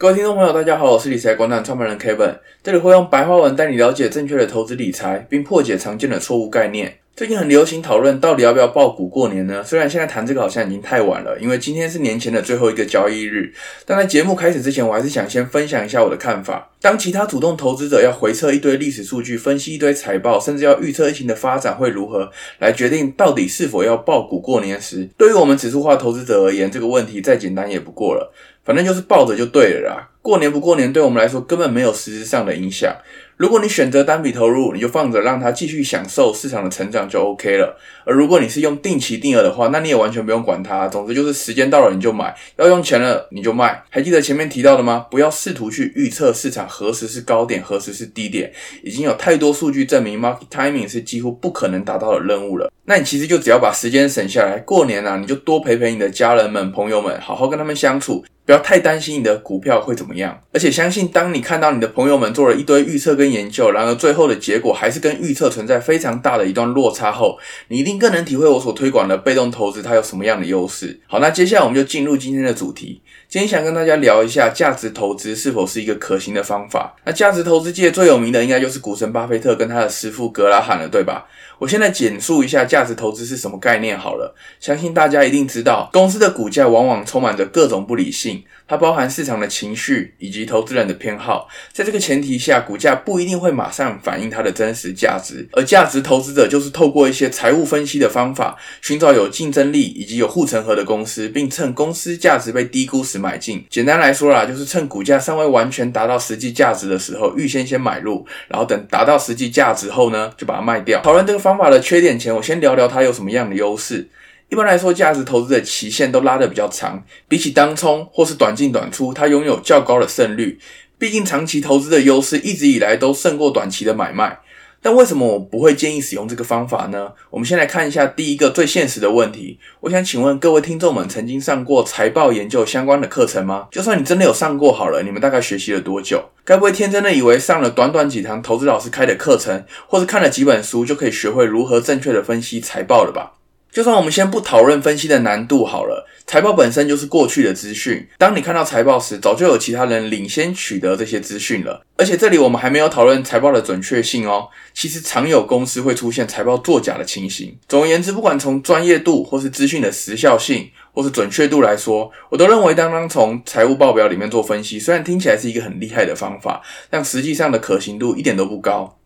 各位聽眾朋友，大家好，我是理財廣場創辦人 Kevin，這裡會用白話文帶你了解正確的投資理財，並破解常見的錯誤概念。最近很流行討論到底要不要抱股過年呢？雖然現在談這個好像已經太晚了，因為今天是年前的最後一個交易日。但在節目開始之前，我還是想先分享一下我的看法。當其他主動投資者要回測一堆歷史數據，分析一堆財報，甚至要預測疫情的發展會如何，來決定到底是否要抱股過年時，對於我們指數化投資者而言，這個問題再簡單也不過了。反正就是抱着就對了啦。過年不過年，對我們來說根本沒有實質上的影響。如果你選擇單筆投入，你就放着，讓它繼續享受市場的成長就 OK 了。而如果你是用定期定額的話，那你也完全不用管它。總之就是時間到了你就買，要用錢了你就賣。還記得前面提到的嗎？不要試圖去預測市場何時是高點，何時是低點。已經有太多數據證明 market timing 是幾乎不可能達到的任務了。那你其實就只要把時間省下來，過年了啊，你就多陪陪你的家人們、朋友們，好好跟他們相處。不要太擔心你的股票會怎麼樣，而且相信當你看到你的朋友們做了一堆預測跟研究，然而最後的結果還是跟預測存在非常大的一段落差後，你一定更能體會我所推廣的被動投資它有什麼樣的優勢。好，那接下來我們就進入今天的主題。今天想跟大家聊一下價值投資是否是一個可行的方法。那價值投資界最有名的應該就是股神巴菲特跟他的師傅格拉罕了，對吧？我現在簡述一下價值投資是什麼概念好了，相信大家一定知道，公司的股價往往充滿着各種不理性。它包含市場的情緒以及投資人的偏好，在這個前提下，股價不一定會馬上反映它的真實價值。而價值投資者就是透過一些財務分析的方法，尋找有競爭力以及有護城河的公司，並趁公司價值被低估時買進。簡單來說啦，就是趁股價尚未完全達到實際價值的時候，預先先買入，然後等達到實際價值後呢，就把它賣掉。討論這個方法的缺點前，我先聊聊它有什麼樣的優勢。一般來說，價值投資的期限都拉得比較長，比起當沖或是短進短出，它擁有較高的勝率。畢竟長期投資的優勢一直以來都勝過短期的買賣。但為什麼我不會建議使用這個方法呢？我們先來看一下第一個最現實的問題。我想請問各位聽眾們，曾經上過財報研究相關的課程嗎？就算你真的有上過，好了，你們大概學習了多久？該不會天真的以為上了短短幾堂投資老師開的課程，或是看了幾本書，就可以學會如何正確的分析財報了吧？就算我們先不討論分析的難度好了，財報本身就是過去的資訊。當你看到財報時，早就有其他人領先取得這些資訊了。而且這裡我們還沒有討論財報的準確性哦。其實常有公司會出現財報作假的情形。總而言之，不管從專業度，或是資訊的時效性，或是準確度來說，我都認為，當當從財務報表裡面做分析，雖然聽起來是一個很厲害的方法，但實際上的可行度一點都不高。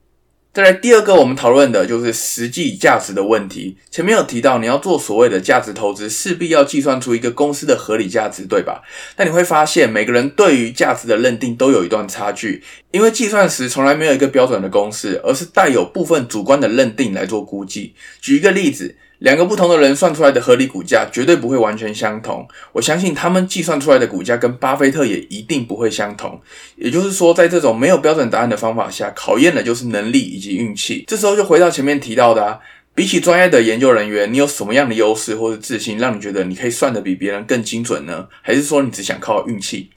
再來第二個，我們討論的就是實際價值的問題。前面有提到，你要做所謂的價值投資，勢必要計算出一個公司的合理價值，對吧？但你會發現，每個人對於價值的認定都有一段差距，因為計算時從來沒有一個標準的公式，而是帶有部分主觀的認定來做估計。舉一個例子。兩個不同的人算出來的合理股價絕對不會完全相同，我相信他們計算出來的股價跟巴菲特也一定不會相同。也就是說，在這種沒有標準答案的方法下，考驗的就是能力以及運氣。這時候就回到前面提到的啊，比起專業的研究人員，你有什麼樣的優勢或是自信，讓你覺得你可以算得比別人更精準呢？還是說你只想靠運氣？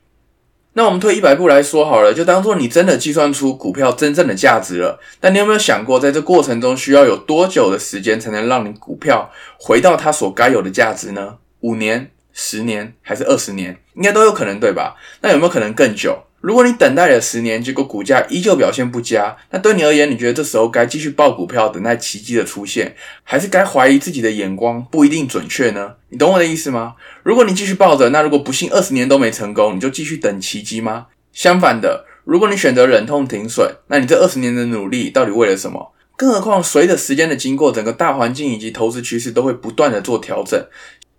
那我們退一百步來說好了，就當做你真的計算出股票真正的價值了。但你有沒有想過，在這過程中需要有多久的時間才能讓你股票回到它所該有的價值呢？五年、十年還是二十年，應該都有可能，對吧？那有沒有可能更久？如果你等待了十年，結果股價依舊表現不佳，那對你而言，你覺得這時候該繼續抱股票等待奇蹟的出現，還是該懷疑自己的眼光不一定準確呢？你懂我的意思嗎？如果你繼續抱着，那如果不幸二十年都沒成功，你就繼續等奇蹟嗎？相反的，如果你選擇忍痛停損，那你這二十年的努力到底為了什麼？更何況，隨着時間的經過，整個大環境以及投資趨勢都會不斷的做調整，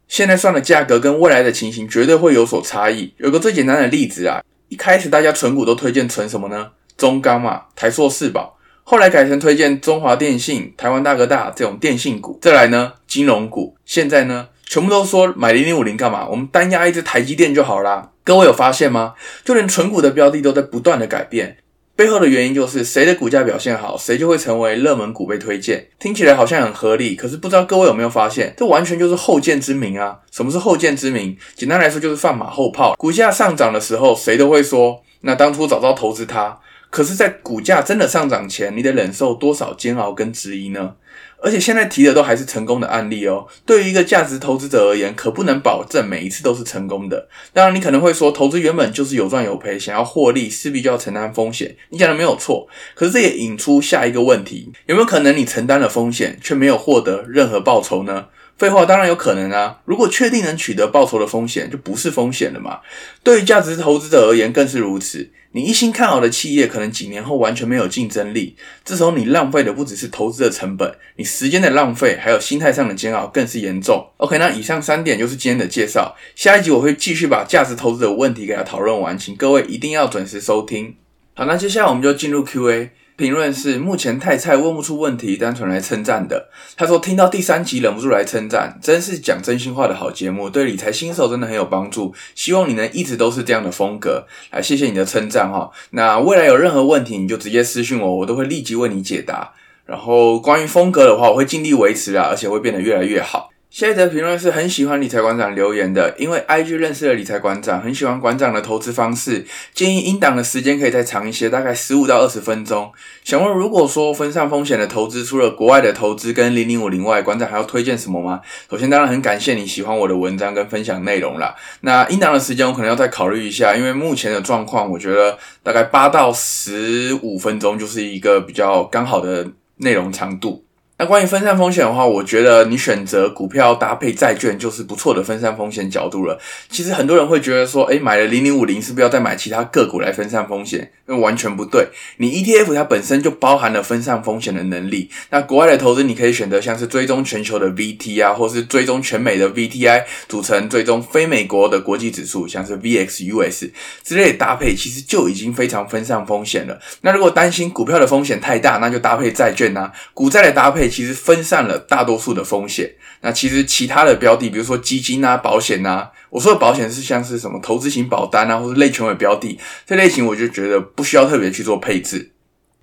現在算的價格跟未來的情形絕對會有所差異。有個最簡單的例子啊。一開始大家存股都推薦存什麼呢？中鋼嘛，台塑四寶。後來改成推薦中華電信、台灣大哥大這種電信股。再來呢，金融股。現在呢，全部都說買零零五零幹嘛？我們單押一隻台積電就好啦。各位有發現嗎？就連存股的標的都在不斷的改變。背後的原因就是誰的股價表現好，誰就會成為熱門股被推薦。聽起來好像很合理，可是不知道各位有沒有發現，這完全就是後見之明啊！什麼是後見之明？簡單來說就是放馬後炮。股價上漲的時候，誰都會說那當初早知道投資它。可是，在股價真的上漲前，你得忍受多少煎熬跟質疑呢？而且現在提的都還是成功的案例哦。對於一個價值投資者而言，可不能保證每一次都是成功的。當然，你可能會說，投資原本就是有賺有賠，想要獲利，勢必就要承擔風險。你講的沒有錯，可是這也引出下一個問題：有沒有可能你承擔了風險，卻沒有獲得任何報酬呢？廢話，當然有可能啊。如果確定能取得報酬的風險，就不是風險了嘛。對於價值投資者而言，更是如此。你一心看好的企業，可能幾年後完全沒有競爭力。這時候你浪費的不只是投資的成本，你時間的浪費，還有心態上的煎熬，更是嚴重。OK，那以上三點就是今天的介紹。下一集我會繼續把價值投資的問題給他討論完，請各位一定要準時收聽。好，那接下來我們就進入 Q&A。評論是目前太菜問不出問題，單純來稱讚的。他說聽到第三集忍不住來稱讚，真是講真心話的好節目，對理財新手真的很有幫助。希望你能一直都是這樣的風格，來謝謝你的稱讚哈、哦。那未來有任何問題，你就直接私訊我，我都會立即為你解答。然後關於風格的話，我會盡力維持啊，而且會變得越來越好。下一則評論是很喜歡理財館長留言的，因為 IG 認識了理財館長，很喜歡館長的投資方式。建議音檔的時間可以再長一些，大概十五到二十分鐘。想問，如果說分散風險的投資，除了國外的投資跟零零五零外，館長還要推薦什麼嗎？首先，當然很感謝你喜歡我的文章跟分享內容啦。那音檔的時間我可能要再考慮一下，因為目前的狀況，我覺得大概八到十五分鐘就是一個比較剛好的內容長度。那關於分散風險的話，我覺得你選擇股票搭配債券就是不錯的分散風險角度了。其實很多人會覺得說，哎、欸，買了零零五零，是不是要再買其他個股來分散風險？那完全不對。你 ETF 它本身就包含了分散風險的能力。那國外的投資，你可以選擇像是追蹤全球的 VT 啊，或是追蹤全美的 VTI 組成，追蹤非美國的國際指數，像是 VXUS 之類的搭配，其實就已經非常分散風險了。那如果擔心股票的風險太大，那就搭配債券啊，股債的搭配。其實分散了大多數的風險。那其實其他的標的，比如說基金啊、保險啊，我說的保險是像是什麼投資型保單啊，或者類權益標的，這類型我就覺得不需要特別去做配置。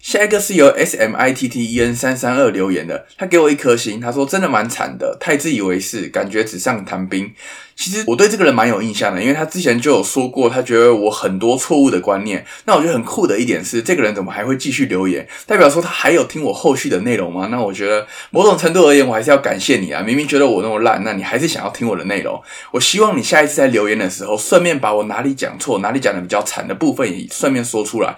下一個是由 S M I T T E N 三三二留言的，他給我一顆星，他說真的蠻慘的，太自以為是，感覺紙上談兵。其實我對這個人蠻有印象的，因為他之前就有說過，他覺得我很多錯誤的觀念。那我覺得很酷的一點是，這個人怎麼還會繼續留言？代表說他還有聽我後續的內容嗎？那我覺得某種程度而言，我還是要感謝你啊！明明覺得我那麼爛，那你還是想要聽我的內容。我希望你下一次在留言的時候，順便把我哪裡講錯、哪裡講得比較慘的部分也順便說出來。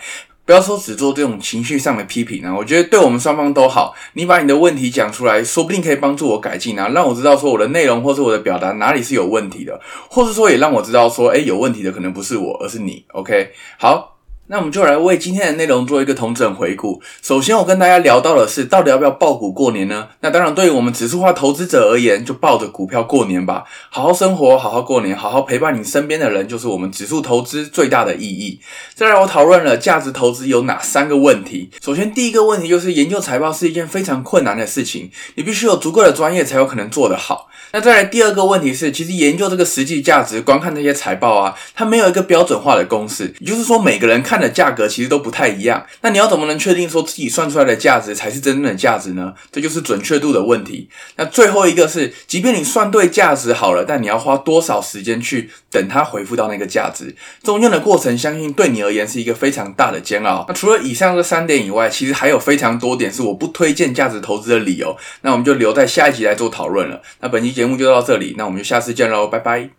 不要說只做這種情緒上的批評啊！我覺得對我們雙方都好。你把你的問題講出來，說不定可以幫助我改進啊，讓我知道說我的內容或是我的表達哪裡是有問題的，或是說也讓我知道說，哎、欸，有問題的可能不是我，而是你。OK，好。那我們就來為今天的內容做一個統整回顧。首先，我跟大家聊到的是，到底要不要抱股過年呢？那當然，對於我們指數化投資者而言，就抱着股票過年吧，好好生活，好好過年，好好陪伴你身邊的人，就是我們指數投資最大的意義。再來，我討論了價值投資有哪三個問題。首先，第一個問題就是研究財報是一件非常困難的事情，你必須有足夠的專業才有可能做得好。那再來第二個問題是，其實研究這個實際價值，光看這些財報啊，它沒有一個標準化的公式，也就是說，每個人看。它的價格其實都不太一樣，那你要怎麼能確定說自己算出來的價值才是真正的價值呢？這就是準確度的問題。那最後一個是，即便你算對價值好了，但你要花多少時間去等它回復到那個價值？中間的過程，相信對你而言是一個非常大的煎熬。那除了以上這三點以外，其實還有非常多點是我不推薦價值投資的理由。那我們就留在下一集來做討論了。那本期節目就到這裡，那我們就下次見嘍，拜拜。